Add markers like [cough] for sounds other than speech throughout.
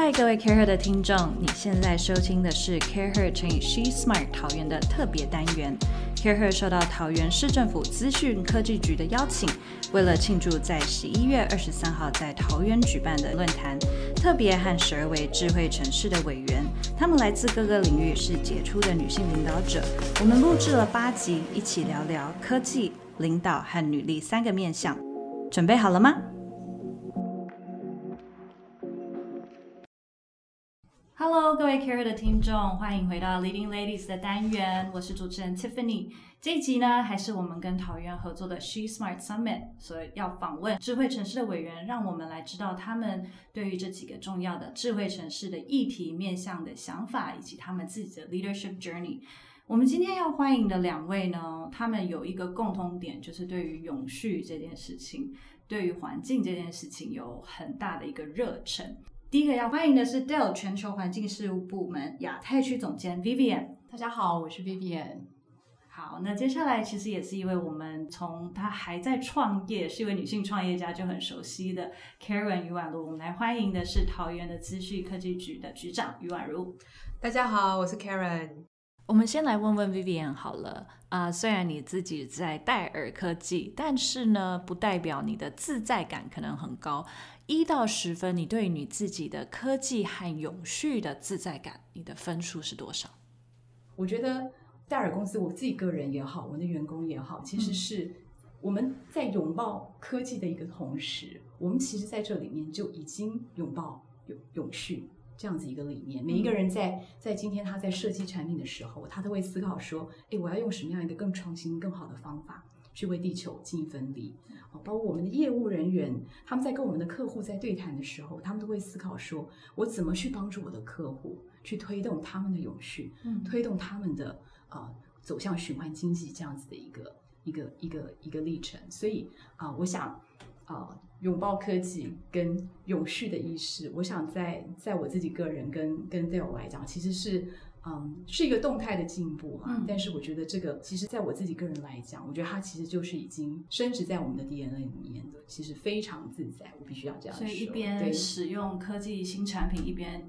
嗨，各位 CAREhER 的聽眾，你現在收聽的是 CAREhER 乘以 SheSmart 桃園的特別單元。CAREhER 受到桃園市政府資訊科技局的邀請，為了慶祝在十一月二十三號在桃園舉辦的論壇，特別和十二位智慧城市的委員，他們來自各個領域，是傑出的女性領導者。我們錄制了八集，一起聊聊科技、領導和女力三個面向。準備好了嗎？各位 CAREhER 的聽眾，歡迎回到 Leading Ladies 的單元。我是主持人 Tiffany。這一集呢，還是我們跟桃園合作的 She Smart Summit，所以要訪問智慧城市的委員，讓我們來知道他們對於這幾個重要的智慧城市的議題面向的想法，以及他們自己的 Leadership Journey。我們今天要歡迎的兩位呢，他們有一個共同點，就是對於永續這件事情，對於環境這件事情，有很大的一個熱忱。第一個要歡迎的是 Dell 全球環境事務部門亞太區總監 Vivian，大家好，我是 Vivian。好，那接下來其實也是因為我們從她還在創業，是一位女性創業家就很熟悉的 Karen 余宛如，我們來歡迎的是桃園的資訊科技局的局長余宛如。大家好，我是 Karen。我們先來問問 Vivian 好了，啊、uh，雖然你自己在戴爾科技，但是呢，不代表你的自在感可能很高。一到十分，你對你自己的科技和永續的自在感，你的分數是多少？我覺得戴爾公司，我自己個人也好，我們的員工也好，其實是我們在擁抱科技的一個同時，我們其實在這裡面就已經擁抱永永續這樣子一個理念。每一個人在在今天他在設計產品的時候，他都會思考說，誒，我要用什麼樣一個更創新、更好的方法，去為地球盡一份力，包括我們的業務人員，他們在跟我們的客戶在對談的時候，他們都會思考說，我怎麼去幫助我的客戶，去推動他們的永續，嗯、推動他們的、呃、走向循環經濟這樣子的一個一個一個一個，一個歷程。所以啊、呃，我想啊、呃、擁抱科技跟永續的意識，我想在在我自己個人跟跟 d 友來講，其實是。嗯，是一個動態的進步嘛、啊嗯？但是我覺得這個，其實在我自己個人來講，我覺得它其實就是已經深植在我們的 DNA 裡面的，其實非常自在。我必須要這樣。所以一邊對使用科技新產品，一邊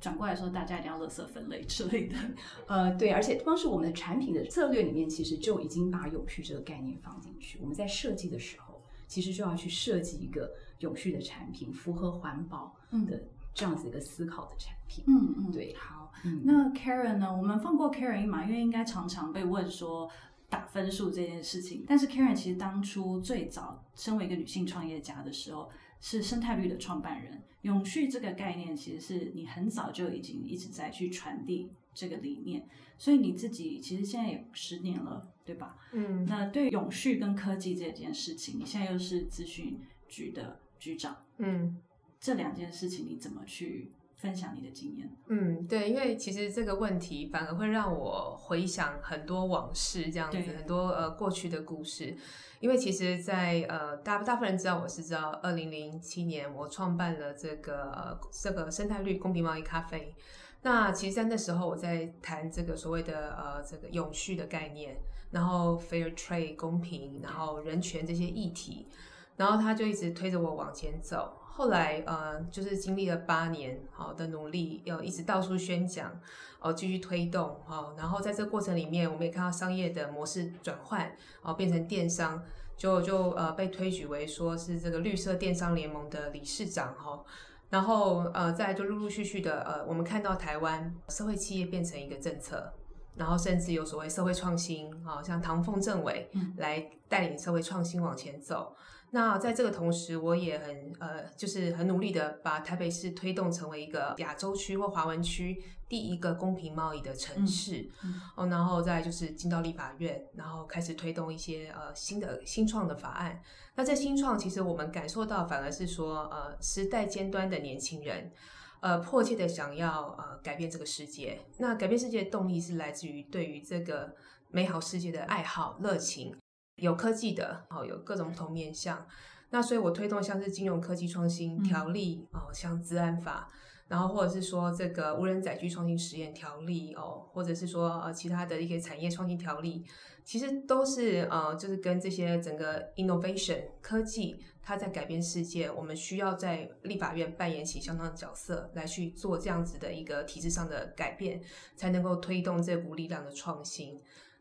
轉過來說大家一定要垃圾分類之類的。呃，對，而且光是我們的產品的策略裡面，其實就已經把永續這個概念放進去。我們在設計的時候，其實就要去設計一個永續的產品，符合環保的、嗯、這樣子一個思考的產品。嗯嗯，對。嗯，那 Karen 呢？我們放過 Karen 一馬，因為應該常常被問說打分數這件事情。但是 Karen 其實當初最早身為一個女性創業家的時候，是生態綠的創辦人。永續這個概念其實是你很早就已經一直在去傳遞這個理念，所以你自己其實現在也十年了，對吧？嗯。那對永續跟科技這件事情，你現在又是資訊局的局長，嗯，這兩件事情你怎麼去，分享你的經驗。嗯，對，因為其實這個問題反而會讓我回想很多往事，這樣子很多呃過去的故事。因為其實在，在呃大大部分人知道我是知道，二零零七年我創辦了這個、呃、這個生態綠公平貿易咖啡。那其實，在那時候我在談這個所謂的呃這個永續的概念，然後 fair trade 公平，然後人權這些議題，然後他就一直推着我往前走。後來，呃，就是經歷了八年，好的努力，要一直到處宣講，哦，繼續推動，哦，然後在這個過程裡面，我們也看到商業的模式轉換，哦，變成電商，就就呃被推舉為說是這個綠色電商聯盟的理事長，哦，然後呃，再來就陸陸續續的，呃，我們看到台灣社會企業變成一個政策，然後甚至有所謂社會創新，啊、哦、像唐鳳政委來帶領社會創新往前走。嗯那在這個同時，我也很呃，就是很努力的把台北市推動成為一個亞洲區或華文區第一個公平貿易的城市，哦、嗯嗯，然後再就是進到立法院，然後開始推動一些呃新的新創的法案。那在新創其實我們感受到反而是說，呃，時代尖端的年輕人，呃，迫切的想要呃改變這個世界。那改變世界的動力是來自於對於這個美好世界的愛好熱情。有科技的哦，有各種不同面向。那所以我推動像是金融科技創新條例、嗯、哦，像資安法，然後或者是說這個無人載具創新實驗條例哦，或者是說呃其他的一些產業創新條例，其實都是呃就是跟這些整個 innovation 科技它在改變世界，我們需要在立法院扮演起相當的角色來去做這樣子的一個體制上的改變，才能夠推動這股力量的創新。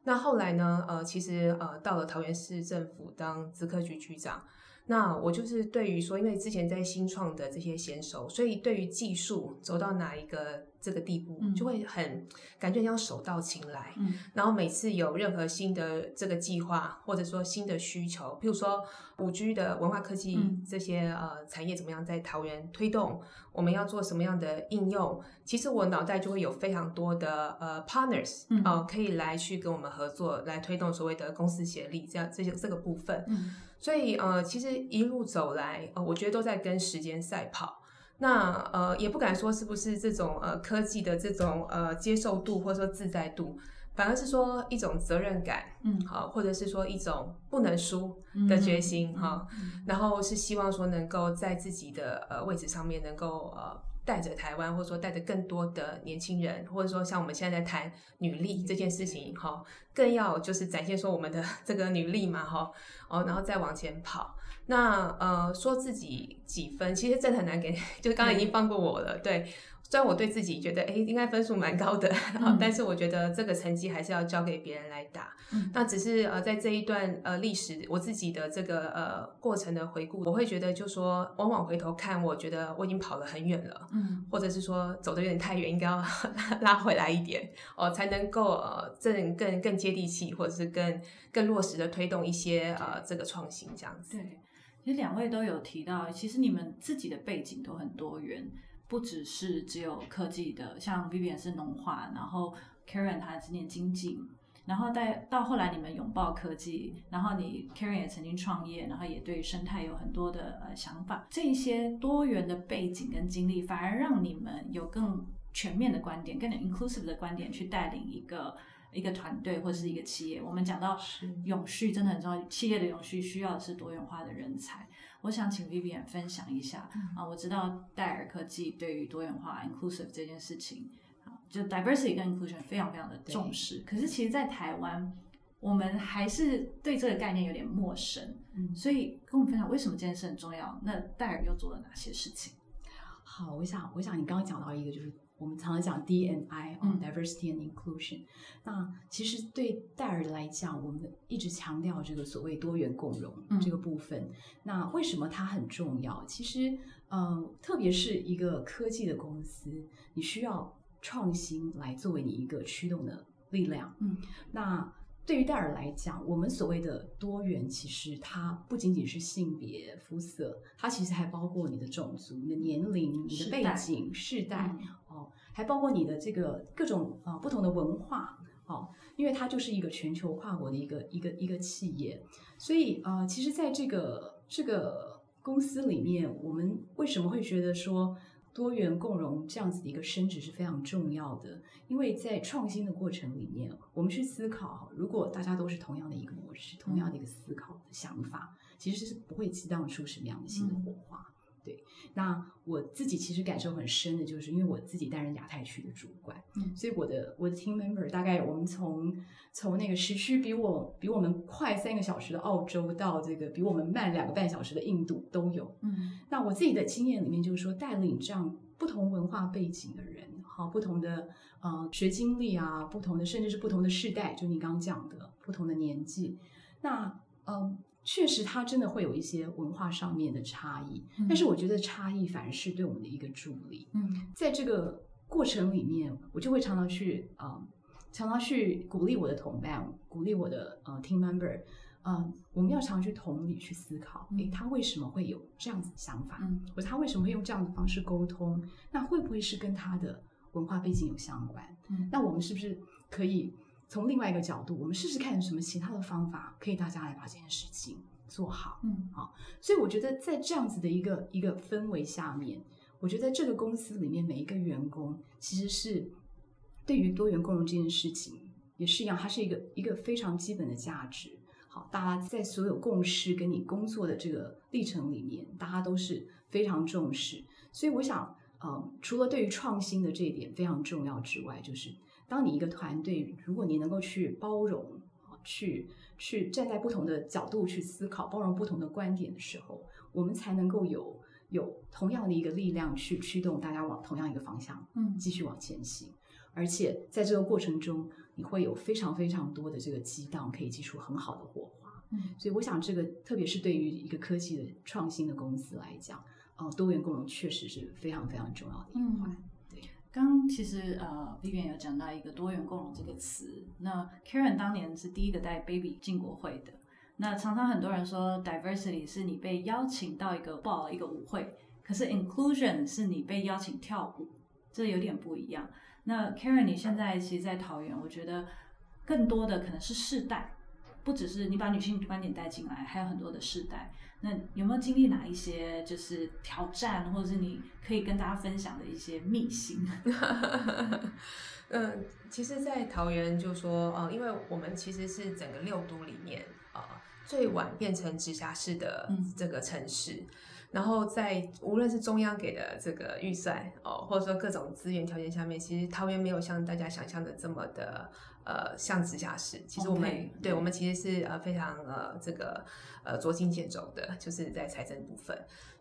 那後來呢？呃，其實呃，到了桃園市政府當資科局局長。那我就是對於說，因為之前在新創的這些選手，所以對於技術走到哪一個這個地步，嗯、就會很感覺像手到擒來。嗯。然後每次有任何新的這個計劃，或者說新的需求，譬如說五 G 的文化科技、嗯、這些呃產業怎麼樣在桃園推動，我們要做什麼樣的應用，其實我腦袋就會有非常多的呃 partners 嗯呃，可以來去跟我們合作，來推動所謂的公私協力這樣這些這個部分。嗯。所以呃，其實一路走來，呃，我覺得都在跟時間賽跑。那呃，也不敢說是不是這種呃科技的這種呃接受度或者說自在度，反而是說一種責任感，嗯，好，或者是說一種不能輸的決心哈，嗯啊。然後是希望說能夠在自己的呃位置上面能夠呃。帶着台灣，或者說帶着更多的年輕人，或者說像我們現在在談女力這件事情，哈，更要就是展現說我們的這個女力嘛，哈，哦，然後再往前跑。那呃，說自己幾分，其實真的很難給，就是剛才已經放過我了，對。雖然我對自己覺得，哎、欸，應該分數蠻高的，嗯，但是我覺得這個成績還是要交給別人來打。嗯，那只是呃，在這一段呃歷史，我自己的這個呃過程的回顧，我會覺得就是，就說往往回頭看，我覺得我已經跑了很遠了，嗯，或者是說走得有點太遠，應該要拉拉回來一點，哦，呃，才能夠呃更更更接地氣，或者是更更落實的推動一些呃這個創新這樣子。對，其實兩位都有提到，其實你們自己的背景都很多元。不只是只有科技的，像 Vivian 是農化，然後 Karen 她是念經濟，然後再到後來你們擁抱科技，然後你 Karen 也曾經創業，然後也對生態有很多的呃想法，這些多元的背景跟經歷，反而讓你們有更全面的觀點，更 inclusive 的觀點去帶領一個。一個團隊或者是一個企業，我們講到永續真的很重要。企業的永續需要的是多元化的人才。我想請 Vivian 分享一下，嗯，啊，我知道戴爾科技對於多元化 （inclusive） 這件事情，就 diversity 跟 inclusion 非常非常的重視。嗯，可是其實，在台灣，我們還是對這個概念有點陌生。所以，跟我們分享為什麼這件事很重要？那戴爾又做了哪些事情？好，我想，我想你剛剛講到一個就是。我們常常講 D&I，嗯，oh, diversity and inclusion。那其實對戴爾來講，我們一直強調這個所謂多元共融這個部分，嗯。那為什麼它很重要？其實，嗯、呃，特別是一個科技的公司，你需要創新來作為你一個驅動的力量。嗯，那。對於戴爾來講，我們所謂的多元，其實它不僅僅是性別、膚色，它其實還包括你的種族、你的年齡、你的背景、世代，世代嗯、哦，還包括你的這個各種啊、呃、不同的文化，哦，因為它就是一個全球跨國的一個一個一個企業，所以啊、呃，其實在這個這個公司裡面，我們為什麼會覺得說，多元共融這樣子的一個升值，是非常重要的，因為在創新的過程裡面，我們去思考，如果大家都是同樣的一個模式，嗯、同樣的一個思考的想法，其實是不會激盪出什麼樣的新的火花。嗯對，那我自己其實感受很深的，就是因為我自己擔任亞太區的主管，嗯，所以我的我的 team member 大概我們從從那個時區比我比我們快三個小時的澳洲到這個比我們慢兩個半小時的印度都有。嗯，那我自己的經驗裡面就是說，帶領這樣不同文化背景的人，好不同的呃學經歷啊，不同的甚至是不同的世代，就你剛講的不同的年紀，那嗯。確實，他真的會有一些文化上面的差異、嗯，但是我覺得差異反而是對我們的一個助力。嗯，在這個過程裡面，我就會常常去啊、呃，常常去鼓勵我的同伴，鼓勵我的呃 team member，嗯、呃，我們要常常去同理去思考、嗯，誒，他為什麼會有這樣子的想法？嗯，或者他為什麼會用這樣的方式溝通？那會不會是跟他的文化背景有相關？嗯，那我們是不是可以？從另外一個角度，我們試試看有什麼其他的方法，可以大家來把這件事情做好。嗯，好，所以我覺得在這樣子的一個一個氛圍下面，我覺得這個公司裡面每一個員工其實是對於多元共融這件事情也是一樣，它是一個一個非常基本的價值。好，大家在所有共識跟你工作的這個歷程裡面，大家都是非常重視。所以我想，嗯、呃，除了對於創新的這一點非常重要之外，就是。當你一個團隊，如果你能夠去包容，去去站在不同的角度去思考，包容不同的觀點的時候，我們才能夠有有同樣的一個力量去驅動大家往同樣一個方向，嗯，繼續往前行。嗯。而且在這個過程中，你會有非常非常多的這個激盪，可以激出很好的火花。嗯，所以我想，這個特別是對於一個科技的創新的公司來講，哦，多元共融確實是非常非常重要的一環。嗯。剛剛其實呃 Vivian 有講到一個多元共融這個詞。那 Karen 當年是第一個帶 baby 進國會的。那常常很多人說，diversity 是你被邀請到一個不好的一個舞會，可是 inclusion 是你被邀請跳舞，這有點不一樣。那 Karen，你現在其實在桃園，我覺得更多的可能是世代，不只是你把女性觀點帶進來，還有很多的世代。那有沒有經歷哪一些就是挑戰，或者是你可以跟大家分享的一些秘辛？ [laughs] 嗯，其實，在桃園就說呃，因為我們其實是整個六都裡面啊最晚變成直轄市的這個城市，嗯、然後在無論是中央給的這個預算哦，或者說各種資源條件下面，其實桃園沒有像大家想象的這麼的。呃，像直轄市，其實我們、okay. 對我們其實是呃非常呃這個呃捉襟見肘的，就是在財政部分。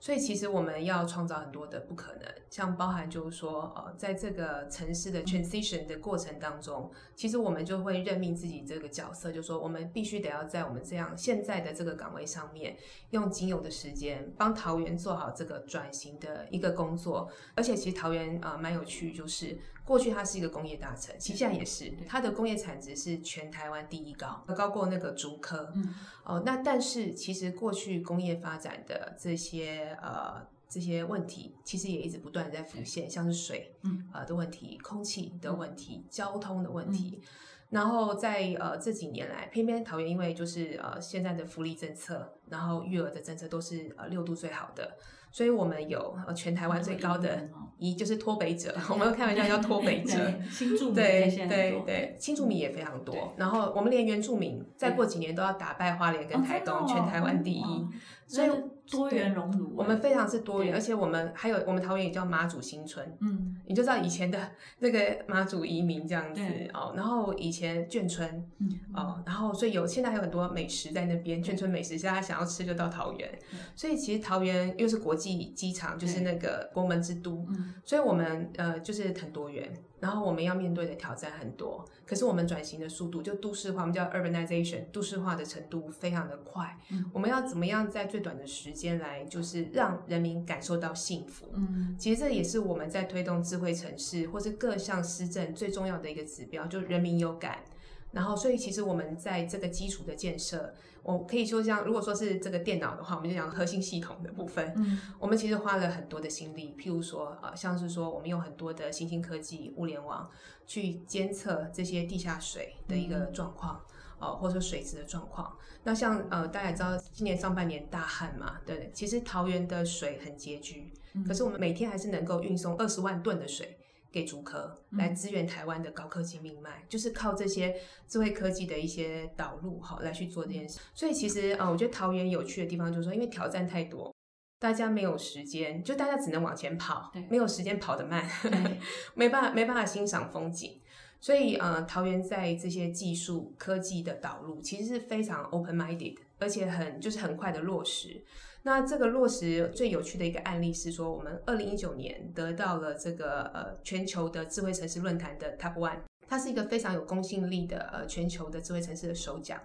所以其實我們要創造很多的不可能，像包含就是說，呃，在這個城市的 transition 的過程當中，其實我們就會任命自己這個角色，就是說我們必須得要在我們這樣現在的這個崗位上面，用僅有的時間幫桃園做好這個轉型的一個工作。而且其實桃園啊蠻有趣，就是過去它是一個工業大城，其實現在也是，它的工業產值是全台灣第一高，高過那個竹科。嗯、哦，那但是其實過去工業發展的這些。呃，這些問題其實也一直不斷在浮現，嗯，像是水，嗯、呃，呃的問題，空氣的問題，交通的問題，嗯、然後在呃這幾年來，偏偏桃園因為就是呃現在的福利政策，然後育兒的政策都是呃六都最好的，所以我們有呃，全台灣最高的，一就是脫北者，我們有開玩笑叫脫北者， [laughs] 對 [laughs] 對新住民，對對對，新住民也非常多，嗯對，然後我們連原住民再過幾年都要打敗花蓮跟台東，對哦哦，全台灣第一，哦，所以。多元熔爐，我們非常是多元，而且我們還有我們桃園也叫馬祖新村，嗯，你就知道以前的那個馬祖移民這樣子哦，然後以前眷村，嗯，哦，然後所以有現在還有很多美食在那邊，眷村美食現在想要吃就到桃園。所以其實桃園又是國際機場，就是那個國門之都，嗯，所以我們呃就是很多元。然後我們要面對的挑戰很多，可是我們轉型的速度就都市化，我們叫 urbanization，都市化的程度非常的快。我們要怎麼樣在最短的時間來，就是讓人民感受到幸福？嗯，其實這也是我們在推動智慧城市或是各項施政最重要的一個指標，就人民有感。然後，所以其實我們在這個基礎的建設。我可以說像，像如果說是這個電腦的話，我們就講核心系統的部分。嗯，我們其實花了很多的心力，譬如說，呃，像是說我們用很多的新興科技、物聯網去監測這些地下水的一個狀況，哦、嗯呃，或者說水質的狀況。那像，呃，大家也知道，今年上半年大旱嘛，對，對，其實桃園的水很拮據，可是我們每天還是能夠運送二十萬噸的水。給竹科來支援台灣的高科技命脈，嗯，就是靠這些智慧科技的一些導入哈，來去做這件事。所以其實，呃，我覺得桃園有趣的地方就是說，因為挑戰太多，大家沒有時間，就大家只能往前跑，沒有時間跑得慢，呵呵沒辦法沒辦法欣賞風景。所以呃，桃園在這些技術科技的導入，其實是非常 open minded，而且很就是很快的落實。那這個落實最有趣的一個案例是說，我們二零一九年得到了這個呃全球的智慧城市論壇的 Top One，它是一個非常有公信力的呃全球的智慧城市的首獎。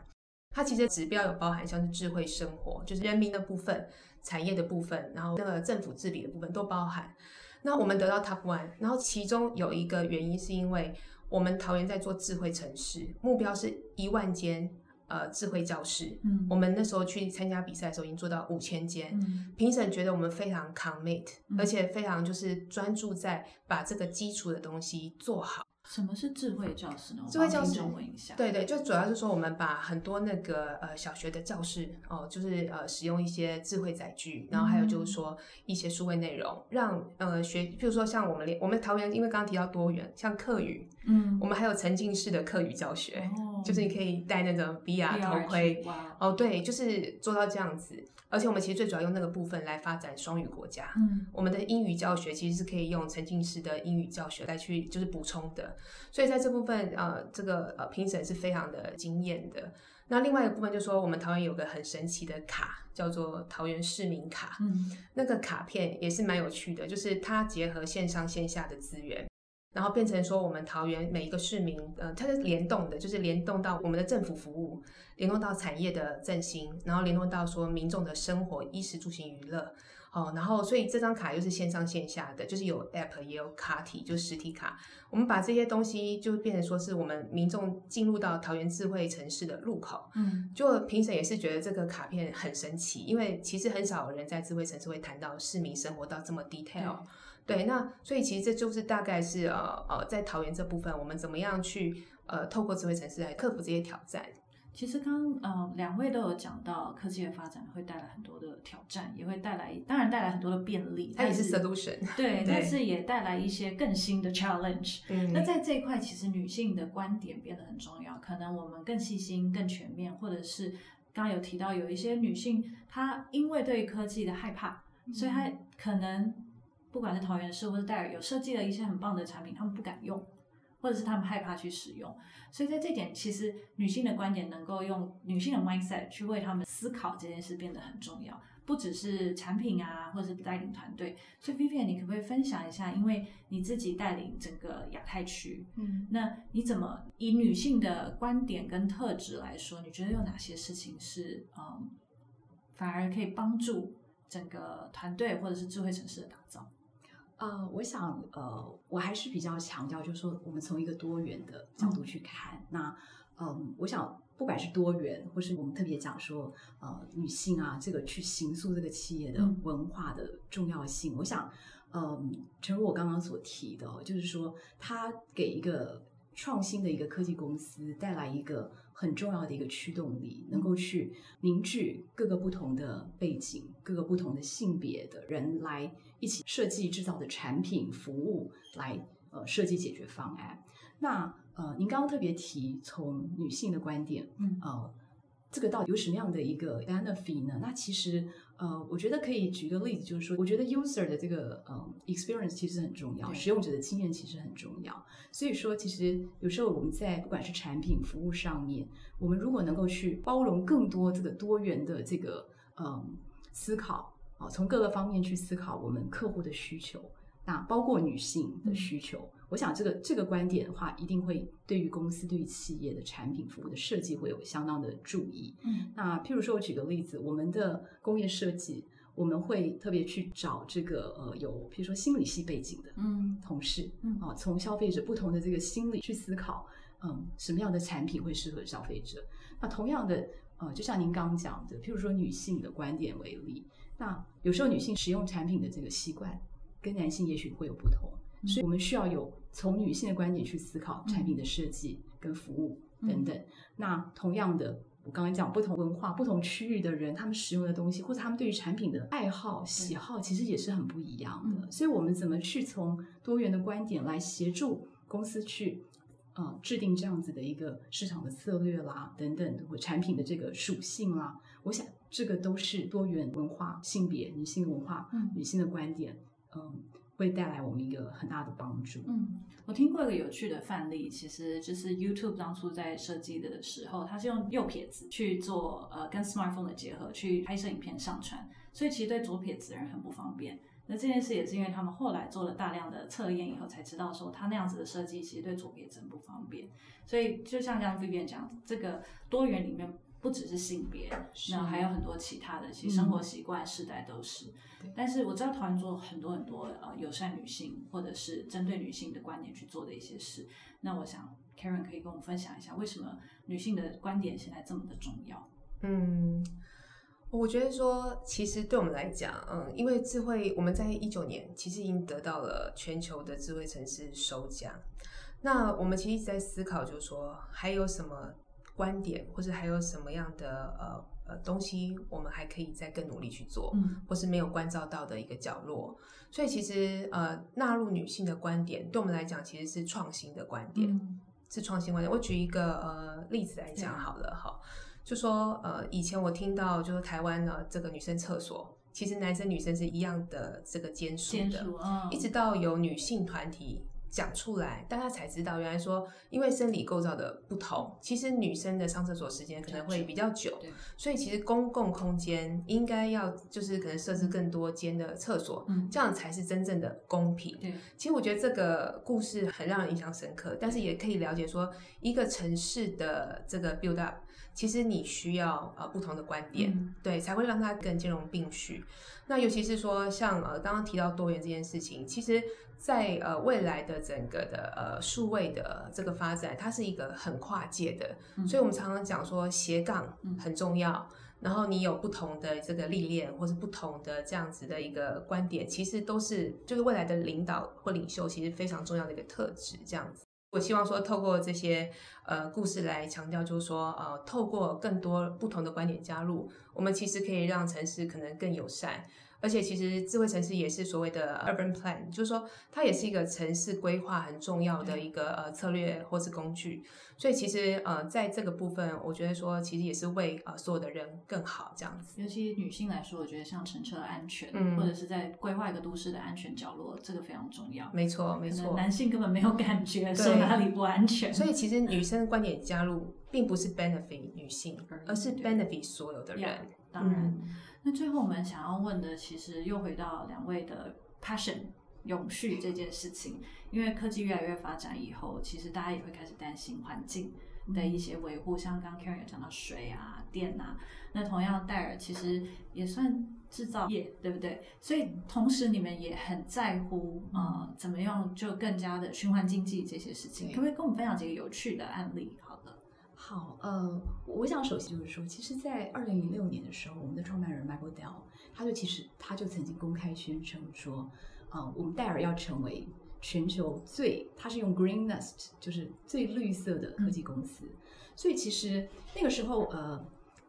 它其實指標有包含像是智慧生活，就是人民的部分、產業的部分，然後那個政府治理的部分都包含。那我們得到 Top One，然後其中有一個原因是因為我們桃園在做智慧城市，目標是一萬間。呃，智慧教室，嗯，我們那時候去參加比賽的時候，已經做到五千間，嗯、評審覺得我們非常 commit，嗯、而且非常就是專注在把這個基礎的東西做好。什麼是智慧教室呢我我？智慧教室，對對，就主要就是說我們把很多那個呃小學的教室哦、呃，就是呃使用一些智慧載具，然後還有就是說一些數位內容，嗯、讓呃學，譬如說像我們連我們桃園，因為剛剛提到多元，像課語，嗯，我們還有沉浸式的課語教學，哦、就是你可以戴那種 VR 頭盔 BRG，哇，哦，對，就是做到這樣子。而且我們其實最主要用那個部分，來發展雙語國家，嗯，我們的英語教學其實是可以用沉浸式的英語教學來去就是補充的，所以在這部分呃這個呃評審是非常的驚艷的。那另外一個部分就是說我們桃園有個很神奇的卡，叫做桃園市民卡，嗯，那個卡片也是蠻有趣的，就是它結合線上線下的資源，然後變成說我們桃園每一個市民，呃，它是聯動的，就是聯動到我們的政府服務。聯絡到產業的振興，然後聯絡到說民眾的生活衣食住行、娛樂，哦，然後所以這張卡又是線上線下的，就是有 app 也有卡體，就實體卡。我們把這些東西就變成說是我們民眾進入到桃園智慧城市的入口。嗯，就評審也是覺得這個卡片很神奇，因為其實很少人在智慧城市會談到市民生活到這麼 detail。嗯、對，那所以其實這就是大概是呃呃在桃園這部分，我們怎麼樣去呃透過智慧城市來克服這些挑戰。其實剛嗯，兩位都有講到科技的發展會帶來很多的挑戰，也會帶來當然帶來很多的便利。它也是 solution，是對，對，但是也帶來一些更新的 challenge。那在這一塊，其實女性的觀點變得很重要。可能我們更細心、更全面，或者是剛剛有提到，有一些女性、嗯、她因為對於科技的害怕，嗯、所以她可能不管是桃園市或是戴爾，有設計了一些很棒的產品，她們不敢用。或者是他們害怕去使用，所以在這一點，其實女性的觀點能夠用女性的 mindset 去為他們思考這件事變得很重要。不只是產品啊，或者是帶領團隊。所以 Vivian，你可不可以分享一下？因為你自己帶領整個亞太區，嗯，那你怎麼以女性的觀點跟特質來說，你覺得有哪些事情是，嗯，反而可以幫助整個團隊或者是智慧城市的打造？啊、呃，我想，呃，我還是比較強調，就是說，我們從一個多元的角度去看。嗯、那，嗯、呃，我想，不管是多元，或是我們特別講說，呃，女性啊，這個去形塑這個企業的文化的重要性。嗯、我想，嗯、呃，正如我剛剛所提的，就是說，它給一個。創新的一個科技公司帶來一個很重要的一個驅動力，能夠去凝聚各個不同的背景、各個不同的性別的人來一起設計製造的產品、服務來，來呃設計解決方案。那呃，您剛剛特別提從女性的觀點，嗯，哦、呃。這個到底有什麼樣的一個 benefit 呢？那其實，呃，我覺得可以舉個例子，就是說，我覺得 user 的這個嗯、呃、experience 其實很重要，使用者的經驗其實很重要。所以說，其實有時候我們在不管是產品服務上面，我們如果能夠去包容更多這個多元的這個嗯、呃、思考啊，從各個方面去思考我們客戶的需求，那包括女性的需求。嗯，我想這個這個觀點的話，一定會對於公司、對於企業的產品服務的設計會有相當的注意。嗯，那譬如說，我舉個例子，我們的工業設計，我們會特別去找這個呃有譬如說心理系背景的嗯同事，啊、嗯呃，從消費者不同的這個心理去思考，嗯、呃，什麼樣的產品會適合消費者。那同樣的，呃，就像您剛講的，譬如說女性的觀點為例，那有時候女性使用產品的這個習慣、嗯、跟男性也許會有不同。所以我們需要有從女性的觀點去思考產品的設計跟服務等等。嗯、那同樣的，我剛剛講不同文化、不同區域的人，他們使用的東西或者他們對於產品的愛好喜好，其實也是很不一樣的、嗯。所以我們怎麼去從多元的觀點來協助公司去、呃、制定這樣子的一個市場的策略啦，等等，或產品的這個屬性啦。我想這個都是多元文化、性別、女性文化、女性的觀點，嗯。嗯會帶來我們一個很大的幫助。嗯，我聽過一個有趣的範例，其實就是 YouTube 當初在設計的時候，它是用右撇子去做呃跟 Smartphone 的結合去拍攝影片上傳，所以其實對左撇子人很不方便。那這件事也是因為他們後來做了大量的測驗以後才知道，說它那樣子的設計其實對左撇子很不方便。所以就像剛剛 Vivian 講，這個多元裡面。不只是性別，那還有很多其他的，其實生活習慣、嗯、世代都是。但是我知道台灣做很多很多呃友善女性，或者是針對女性的觀點去做的一些事。那我想 Karen 可以跟我們分享一下，為什麼女性的觀點現在這麼的重要？嗯，我覺得說，其實對我們來講，嗯，因為智慧我們在一九年其實已經得到了全球的智慧城市首獎。那我們其實一直在思考，就是說還有什麼？觀點，或是還有什麼樣的呃呃東西，我們還可以再更努力去做，嗯，或是沒有關照到的一個角落。所以其實呃，納入女性的觀點，對我們來講其實是創新的觀點，嗯、是創新觀點。我舉一個呃例子來講好了哈，嗯，就說呃以前我聽到就是台灣呢這個女生廁所，其實男生女生是一樣的這個間數的間數，哦，一直到有女性團體。講出來，大家才知道，原來說因為生理構造的不同，其實女生的上廁所時間可能會比較久，所以其實公共空間應該要就是可能設置更多間的廁所，嗯，這樣才是真正的公平。對，其實我覺得這個故事很讓人印象深刻，但是也可以了解說，一個城市的這個 build up，其實你需要呃不同的觀點，嗯，對，才會讓它更兼容並蓄。那尤其是說像呃剛剛提到多元這件事情，其實。在呃未來的整個的呃數位的這個發展，它是一個很跨界的，嗯。所以我們常常講說斜槓很重要，嗯。然後你有不同的這個歷練，或是不同的這樣子的一個觀點，其實都是就是未來的領導或領袖其實非常重要的一個特質。這樣子，我希望說透過這些呃故事來強調，就是說呃透過更多不同的觀點加入，我們其實可以讓城市可能更友善。而且其實智慧城市也是所謂的 urban plan，就是說它也是一個城市規劃很重要的一個呃策略或是工具。所以其實呃，在這個部分，我覺得說其實也是為呃所有的人更好這樣子。尤其女性來說，我覺得像乘車安全、嗯，或者是在規劃一個都市的安全角落，這個非常重要。沒錯，沒錯。男性根本沒有感覺，說哪裡不安全。所以其實女生觀點加入，並不是 benefit 女性、嗯，而是 benefit 所有的人。Yeah, 當然。嗯。那最後我們想要問的，其實又回到兩位的 passion 永續這件事情。因為科技越來越發展以後，其實大家也會開始擔心環境的一些維護，嗯，像剛 Karen 有講到水啊、電啊。那同樣戴爾其實也算制造業，對不對？所以同時你們也很在乎，嗯，怎麼樣就更加的循環經濟這些事情，可不可以跟我們分享幾個有趣的案例？好的。好，呃，我想首先就是說，其實，在二零零六年的時候，我們的創辦人 Michael Dell 他就其實他就曾經公開宣稱說，啊、呃，我們戴爾要成為全球最，他是用 Green Nest，就是最綠色的科技公司、嗯。所以其實那個時候，呃，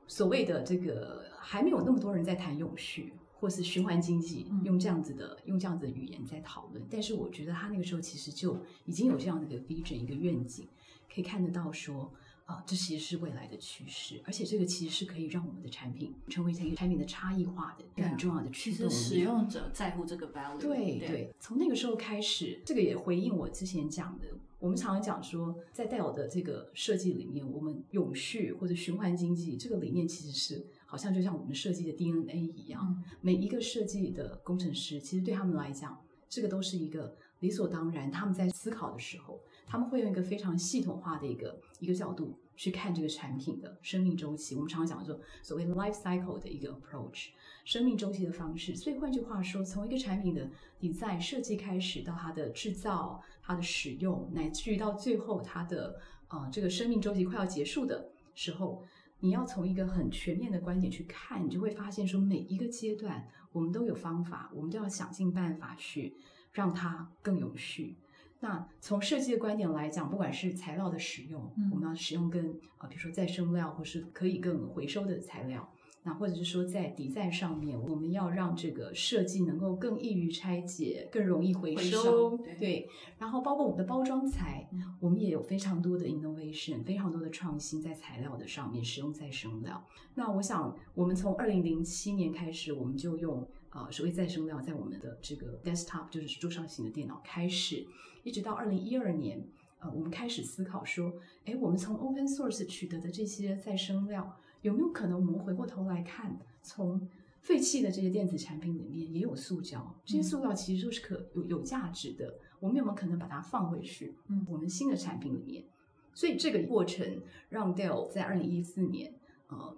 所謂的這個還沒有那麼多人在談永續或是循環經濟，嗯、用這樣子的用這樣子的語言在討論。但是我覺得他那個時候其實就已經有這樣的一個 vision 一個願景，可以看得到說。啊，這其實是未來的趨勢，而且這個其實是可以讓我們的產品成為一個產品的差異化的、嗯、很重要的趨勢。使用者在乎這個 value。對對，對，從那個時候開始，這個也回應我之前講的。嗯、我們常常講說，在戴爾的這個設計裡面，我們永續或者循環經濟這個理念，其實是好像就像我們設計的 DNA 一樣、嗯，每一個設計的工程師，其實對他們來講。這個都是一個理所當然。他們在思考的時候，他們會用一個非常系統化的一個一個角度去看這個產品的生命週期。我們常常講的做所謂 life cycle 的一個 approach，生命週期的方式。所以換句話說，從一個產品的 design 設計開始到它的製造、它的使用，乃至於到最後它的啊、呃、這個生命週期快要結束的時候，你要從一個很全面的觀點去看，你就會發現，說每一個階段我們都有方法，我們都要想盡辦法去讓它更有序。那從設計的觀點來講，不管是材料的使用，嗯、我們要使用更啊，比如說再生料或是可以更回收的材料。那或者是說，在 design 上面，我們要讓這個設計能夠更易於拆解，更容易回收，回收對,對。然後包括我們的包裝材、嗯，我們也有非常多的 innovation，非常多的創新在材料的上面使用再生料。那我想，我們從二零零七年開始，我們就用呃所謂再生料在我們的這個 desktop，就是桌上型的電腦開始，一直到二零一二年，呃，我們開始思考說，哎，我們從 open source 取得的這些再生料。有沒有可能，我們回過頭來看，從廢棄的這些電子產品裡面也有塑膠，這些塑膠其實都是可有有價值的。我們有沒有可能把它放回去，嗯，我們新的產品裡面？所以這個過程讓 Dell 在二零一四年，呃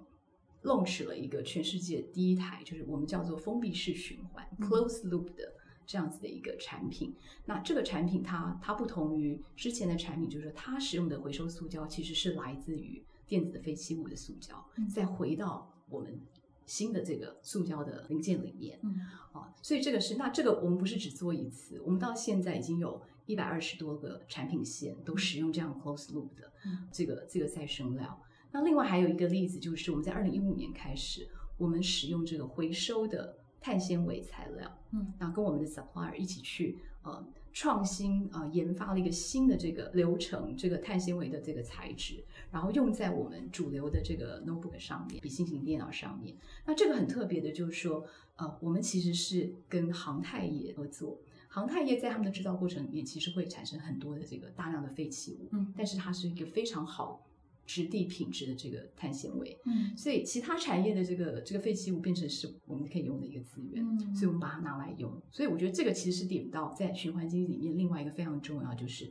，launch 了一個全世界第一台，就是我們叫做封閉式循環 c l o s e loop） 的這樣子的一個產品。嗯、那這個產品它它不同於之前的產品，就是說它使用的回收塑膠其實是來自於。電子的廢棄物的塑膠，再回到我們新的這個塑膠的零件裡面，嗯啊、所以這個是，那這個我們不是只做一次，我們到現在已經有一百二十多個產品線都使用這樣 close loop 的這個、嗯、這個再生料。那另外還有一個例子就是我們在二零一五年開始，我們使用這個回收的碳纖維材料，嗯，然後跟我們的 supplier 一起去呃。創新啊、呃，研發了一個新的這個流程，這個碳纖維的這個材質，然後用在我們主流的這個 notebook 上面，筆記型電腦上面。那這個很特別的就是說，呃，我們其實是跟航太業合作，航太業在他們的製造過程裡面其實會產生很多的這個大量的廢棄物，嗯，但是它是一個非常好。質地品質的這個碳纖維，嗯，所以其他產業的這個這個廢棄物變成是我們可以用的一個資源，嗯，所以我們把它拿來用。所以我覺得這個其實是點到在循環經濟裡面另外一個非常重要，就是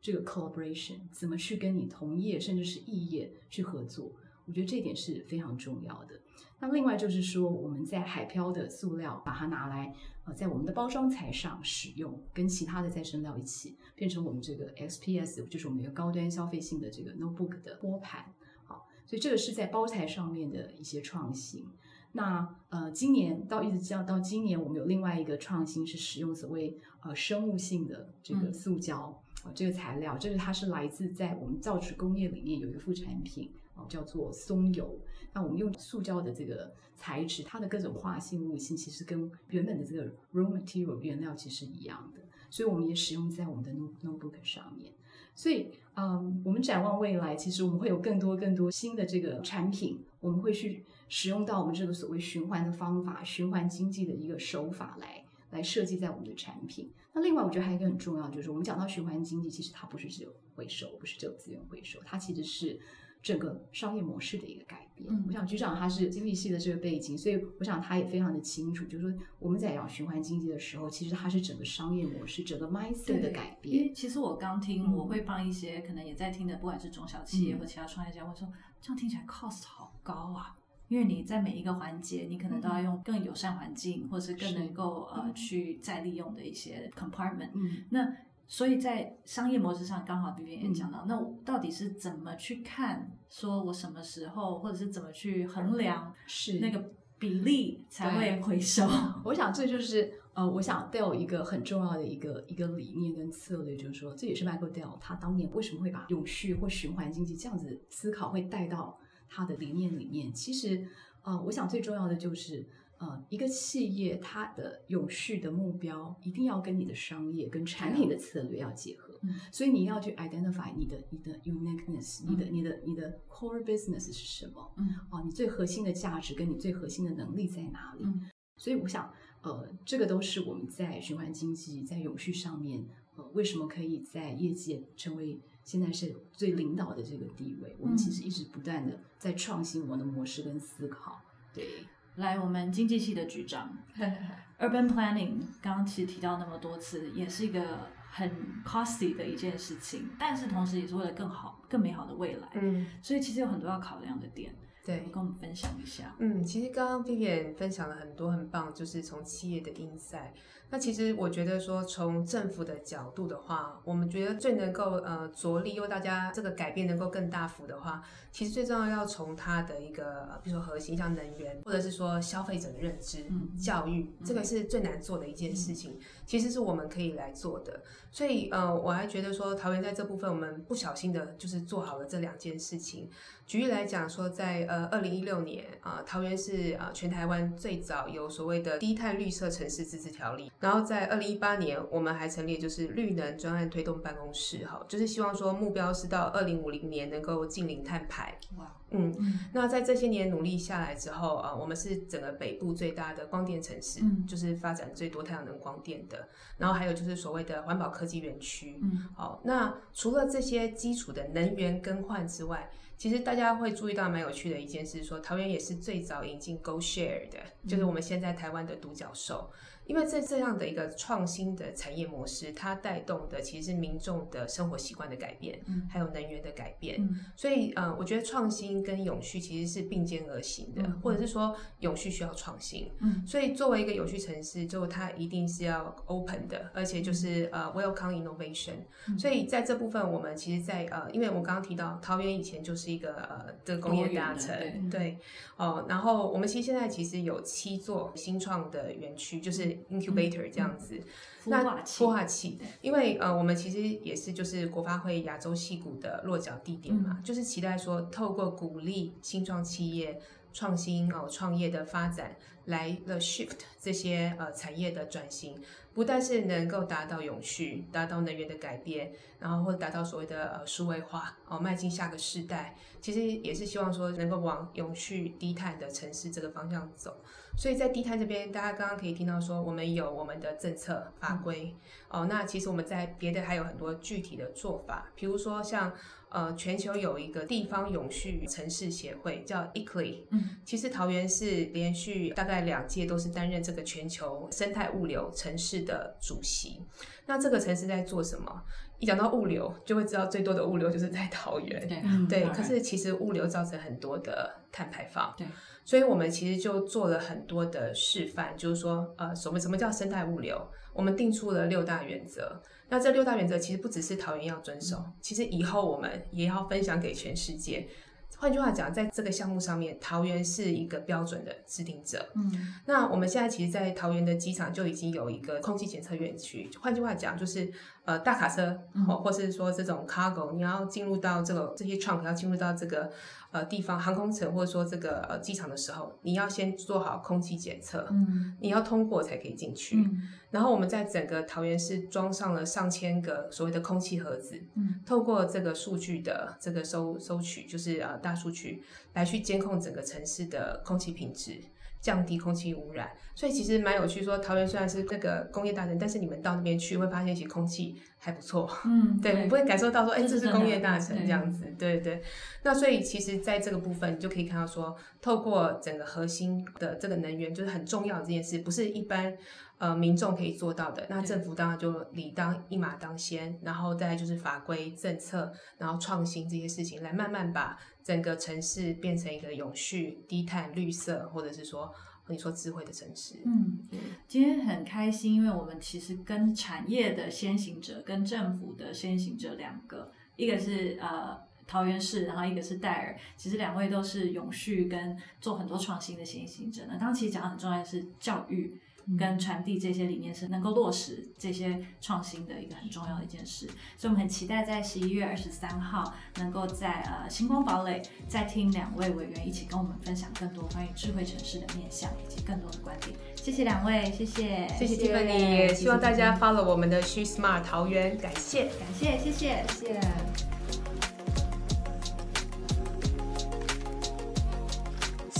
這個 collaboration，怎麼去跟你同業甚至是異業去合作，我覺得這點是非常重要的。那另外就是說我們在海漂的塑料，把它拿來。啊，在我們的包裝材上使用，跟其他的再生料一起，變成我們這個 XPS，就是我們一個高端消費性的這個 notebook 的托盤。好，所以這個是在包材上面的一些創新。那呃，今年到一直講到今年，我們有另外一個創新是使用所謂呃生物性的這個塑膠。嗯這個材料，這個它是來自在我們造紙工業裡面有一個副產品，哦，叫做松油。那我們用塑膠的這個材質，它的各種化性物性其實跟原本的這個 raw material 原料其實是一樣的，所以我們也使用在我們的 notebook 上面。所以，嗯，我們展望未來，其實我們會有更多更多新的這個產品，我們會去使用到我們這個所謂循環的方法、循環經濟的一個手法來。來設計在我們的產品。那另外，我覺得還有一個很重要，就是我們講到循環經濟，其實它不是只有回收，不是只有資源回收，它其實是整個商業模式的一個改變，嗯。我想局長他是經濟系的這個背景，所以我想他也非常的清楚，就是說我們在講循環經濟的時候，其實它是整個商業模式、嗯、整個 mindset 的改變。其實我剛聽，我會幫一些、嗯、可能也在聽的，不管是中小企業或其他創業家，會、嗯、說這樣聽起來 cost 好高啊。因為你在每一個環節，你可能都要用更友善環境，嗯、或者是更能夠呃去再利用的一些 compartment。嗯。那所以在商業模式上，剛好這邊也講到，嗯、那到底是怎麼去看，說我什麼時候，或者是怎麼去衡量是那個比例才會回收？我想這就是呃，我想 Dell 一個很重要的一個一個理念跟策略，就是說，這也是 Michael Dell 他當年為什麼會把永續或循環經濟這樣子思考會帶到。他的理念裡面，其實，呃，我想最重要的就是，呃，一個企業它的永續的目標一定要跟你的商業跟產品的策略要結合，嗯。所以你要去 identify 你的、你的 uniqueness，嗯，你的、你的、你的 core business 是什麼？嗯，哦，呃，你最核心的價值跟你最核心的能力在哪裡？嗯，所以我想，呃，這個都是我們在循環經濟在永續上面，呃，為什麼可以在業界成為？現在是最領導的這個地位，我們其實一直不斷的在創新我們的模式跟思考。對，來，我們經濟系的局長 [laughs] ，urban planning，剛剛其實提到那麼多次，也是一個很 costly 的一件事情，但是同時也是為了更好、更美好的未來。嗯， [laughs] 所以其實有很多要考量的點。對，跟我們分享一下。嗯，其實剛剛 Vivian 分享了很多很棒，就是從企業的 insight。那其實我覺得說，從政府的角度的話，我們覺得最能夠呃着力，讓大家這個改變能夠更大幅的話，其實最重要要從它的一個，比如說核心、嗯、像能源，或者是說消費者的認知、嗯、教育、嗯，這個是最難做的一件事情。嗯嗯其實是我們可以來做的，所以呃，我還覺得說桃園在這部分，我們不小心的就是做好了這兩件事情。舉例來講說在，在呃二零一六年啊、呃，桃園是啊、呃、全台灣最早有所謂的低碳綠色城市自治條例，然後在二零一八年，我們還成立就是綠能專案推動辦公室，哈，就是希望說目標是到二零五零年能夠淨零碳排。Wow. 嗯，嗯，那在這些年努力下來之後，啊、呃，我們是整個北部最大的光電城市，嗯，就是發展最多太陽能光電的。然後還有就是所謂的環保科技園區。好，嗯哦，那除了這些基礎的能源更換之外，其實大家會注意到蠻有趣的一件事說，說桃園也是最早引進 GoShare 的，就是我們現在台灣的獨角獸。嗯嗯因為在這，這樣的一個創新的產業模式，它帶動的其實是民眾的生活習慣的改變、嗯，還有能源的改變。嗯、所以，呃，我覺得創新跟永續其實是並肩而行的，嗯嗯、或者是說永續需要創新。嗯，所以作為一個永續城市，就它一定是要 open 的，而且就是、嗯、呃，welcome innovation、嗯。所以在這部分，我們其實在，在呃，因為我剛剛提到桃園以前就是一個呃的工業大城，對，哦、呃，然後我們其實現在其實有七座新創的園區，就是。Incubator 這樣子，嗯嗯、那孵化器，化器因為呃，我們其實也是就是國發會亞洲矽谷的落腳地點嘛、嗯，就是期待說透過鼓勵新創企業創新哦，創、呃、業的發展，來了 shift 這些呃產業的轉型，不但是能夠達到永續，達到能源的改變，然後或達到所謂的呃數位化哦，邁、呃、進下個世代，其實也是希望說能夠往永續低碳的城市這個方向走。所以在低碳這邊，大家剛剛可以聽到說，我們有我們的政策法規哦、嗯呃。那其實我們在別的還有很多具體的做法，比如說像呃，全球有一個地方永續城市協會叫 ICLEI，嗯，其實桃園是連續大概兩屆都是擔任這個全球生態物流城市的主席。那這個城市在做什麼？一講到物流，就會知道最多的物流就是在桃園，對，嗯、對。可是其實物流造成很多的碳排放，對。所以我們其實就做了很多的示範，就是說，呃，什麼什麼叫生態物流？我們定出了六大原則。那這六大原則其實不只是桃園要遵守，嗯，其實以後我們也要分享給全世界。換句話講，在這個項目上面，桃園是一個標準的制定者。嗯，那我們現在其實，在桃園的機場就已經有一個空氣檢測園區。換句話講，就是呃，大卡車哦，嗯，或者是說這種 cargo，你要進入到這種這些 truck，要進入到這個。呃，地方航空城或者說這個呃機場的時候，你要先做好空氣檢測，嗯，你要通過才可以進去。嗯，然後我們在整個桃園市裝上了上千個所謂的空氣盒子，嗯，透過這個數據的這個收收取，就是呃大數據來去監控整個城市的空氣品質。降低空氣污染，所以其實蠻有趣說，說桃園雖然是那個工業大城，但是你們到那邊去會發現其實空氣還不錯。嗯對對，對，你不會感受到說，哎、欸，這是工業大城這樣子，對對、對、對、對對。那所以其實在這個部分，你就可以看到說，透過整個核心的這個能源，就是很重要的這件事，不是一般。呃，民眾可以做到的，那政府當然就理當一馬當先，然後再就是法規政策，然後創新這些事情，來慢慢把整個城市變成一個永續、低碳、綠色，或者是說你說智慧的城市。嗯，今天很開心，因為我們其實跟產業的先行者、跟政府的先行者兩個，一個是呃桃園市，然後一個是戴爾，其實兩位都是永續跟做很多創新的先行者。那剛剛其實講的很重要的是教育。跟傳遞這些理念是能夠落實這些創新的一個很重要的一件事，所以我們很期待在十一月二十三號能夠在呃星光堡壘再聽兩位委員一起跟我們分享更多關於智慧城市的面向以及更多的觀點。謝謝兩位，謝謝，謝謝。也希望大家 follow 我們的 She Smart 桃園，感謝，感謝感謝，謝謝。謝謝。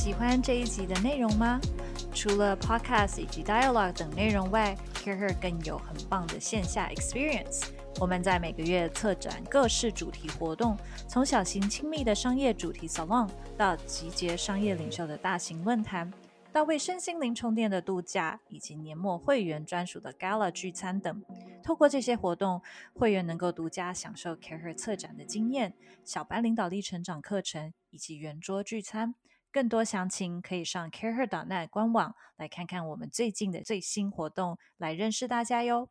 喜歡這一集的內容嗎？除了 Podcast 以及 Dialogue 等內容外，CAREhER 更有很棒的線下 Experience。我們在每個月策展各式主題活動，從小型親密的商業主題 Salon 到集結商業領袖的大型論壇，到為身心靈充電的度假，以及年末會員專屬的 Gala 聚餐等。透過這些活動，會員能夠獨家享受 CAREhER 策展的經驗、小班領導力成長課程以及圓桌聚餐。更多詳情可以上 careher dot net 官網來看看我們最近的最新活動，來認識大家喲。